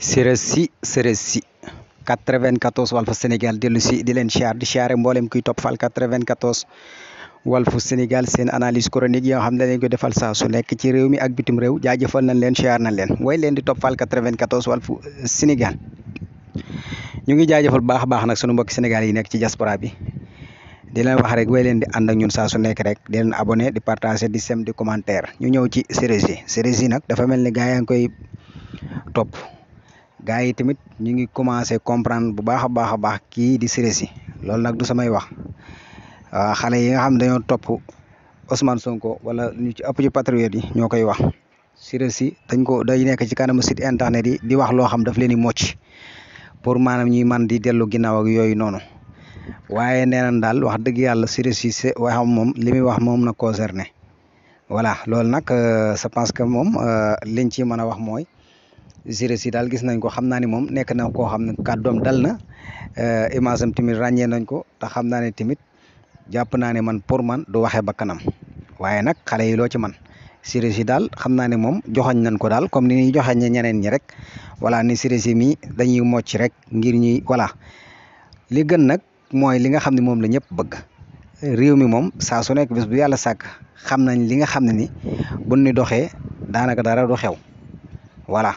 Sérési Sérési 94 Walfu Sénégal dellu si di leen siyaar di siyaare mboolem kuy topp Fall 94 Walfu Sénégal seen analyse chronique yoo xam ne leen ko defal saa su nekk ci réew mi ak bitim réew jaajëfal nañ leen siyaar nañ leen woy leen di topp Fall 94 Walfu Sénégal ñu ngi jaajëfal baax a baax nag sunu mbokki Sénégal yi nekk ci diaspora bi di leen wax rek way leen di ànd ak ñun saa su nekk rek di leen abonné di partager di sem di commentaire ñu ñëw ci Sérési Sérési nag dafa mel ni gaa yaa ngi koy topp. gaa yi tamit ñu ngi commencé comprendre bu baax a baax a baax kii di Siré Sy loolu nag du samay wax waaw ah, xale yi nga xam dañoo topp Ousmane Sonko wala ñu ci ëpp ci patriote yi ñoo koy wax Siré Sy dañ ko day nekk ci kanamu site internet yi di wax loo xam daf leen di mocc pour maanaam ñuy man di dellu ginnaaw ak yooyu noonu waaye nee nañ daal wax dëgg yàlla Siré Sy waxam moom li muy wax moom na concerné voilà loolu nag euh, je pense que moom euh, liñ ci mën a wax mooy Giresse yi daal gis nañ ko xam naa ni moom nekk na koo xam ne kàddoom dal na euh, image am ràññee nañ ko te xam naa ne tamit jàpp naa ne man pour man du waxee ba kanam waaye nag xale yi loo ci man Giresse yi daal xam naa ne moom joxañ nañ ko daal comme ni ñuy joxañ ñeneen ñi rek voilà ni Giresse yi mii dañuy mocc rek ngir ñuy voilà li gën nag mooy li nga xam ne moom la ñëpp bëgg réew mi moom saa su nekk bis bu yàlla sàkk xam nañ li nga xam ne ni buñ ni doxee daanaka dara du xew voilà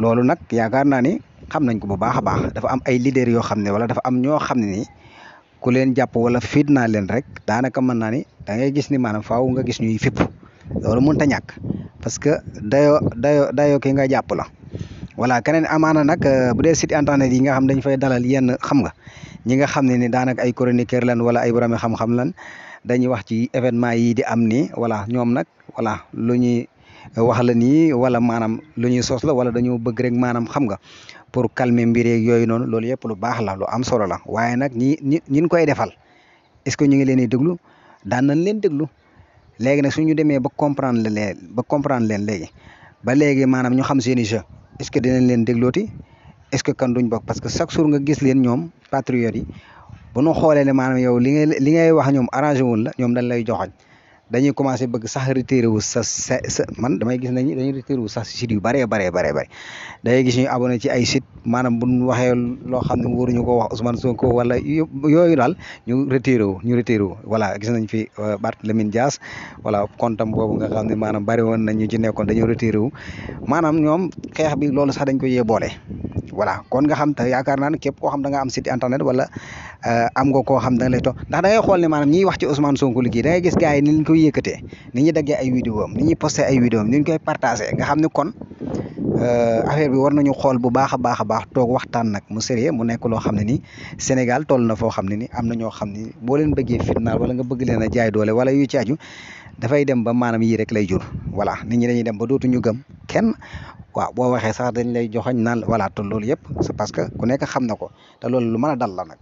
loolu nag yaakaar naa ni xam nañ ko bu baax a baax dafa am ay leader yoo xam ne wala dafa am ñoo xam ne ni ku leen jàpp wala fiit naa leen rek daanaka mën naa ni da ngay gis ni maanaam faaw nga gis ñuy fipp loolu mënut ta ñàkk parce que dayoo dayoo dayoo ki nga jàpp la voilà keneen amaana nag euh, bu dee site internet yi nga xam dañ fay dalal yenn xam nga ñi nga xam ne ni daanaka ay chroniqueur lan wala ay borom xam-xam lan dañuy wax ci événement yi di am ni voilà ñoom nag voilà lu wax la nii wala maanaam lu ñuy sos la wala dañoo bëgg rek maanaam xam nga pour calmer mbir yeeg yooyu noonu loolu yëpp lu baax la lu am solo la waaye nag ñi ñi ñin koy defal est-ce que ñu ngi leen di déglu daan nañ leen déglu léegi nag suñu demee ba comprendre leen ba comprendre leen léegi ba léegi maanaam ñu xam seen i jeu est-ce que dinañ leen déglooti est-ce que kan duñ bokk parce que chaque jour nga gis leen ñoom patriotes yi bu ñu xoolee ne maanaam yow li ngay li ngay wax ñoom arrangé wul la ñoom dañ lay joxoñ dañuy commencé bëgg sax retiré wu sa sa man damay gis nañu dañuy retiré wu sax si yu bëree bëree bëree bëri dangay gis ñu abonné ci ay site maanaam bu ñu waxee loo xam ne waruñu ko wax Ousmane Sonko wala yooyu daal ñu retiré wu ñu retiré wu voilà gis nañ fi euh, Barthélémy Dias voilà kontam boobu nga xam ne maanaam bëri woon nañ ñu ci nekkoon dañoo retiré wu maanaam ñoom xeex bi loolu sax dañ ko yee boole voilà kon nga xam te yaakaar naa ne képp koo xam da nga am site internet wala euh, am nga koo xam da nga lay topp ndax da ngay xool ne maanaam ñiy wax ci Ousmane Sonko liggéey da ngay gis gars yi ni ñu koy yëkkatee ni ñuy daggee ay vidéo am ni ñuy posté ay vidéo am ni koy partagé nga xam ne kon Euh, affaire bi war nañu xool bu baax a baax a baax toog waxtaan nag mu sérieux mu nekk loo xam ne ni Sénégal toll na foo xam ne ni am na ñoo xam ni boo leen bëggee fitnaal wala nga bëgg leen a jaay doole wala yu ci aju dafay dem ba maanaam yii rek lay jur voilà nit ñi dañuy dem ba dootuñu gëm kenn waaw boo waxee sax dañ lay joxoñ naan voilà te loolu yëpp c'est parce que ku nekk xam na ko te loolu lu mën a dal la nag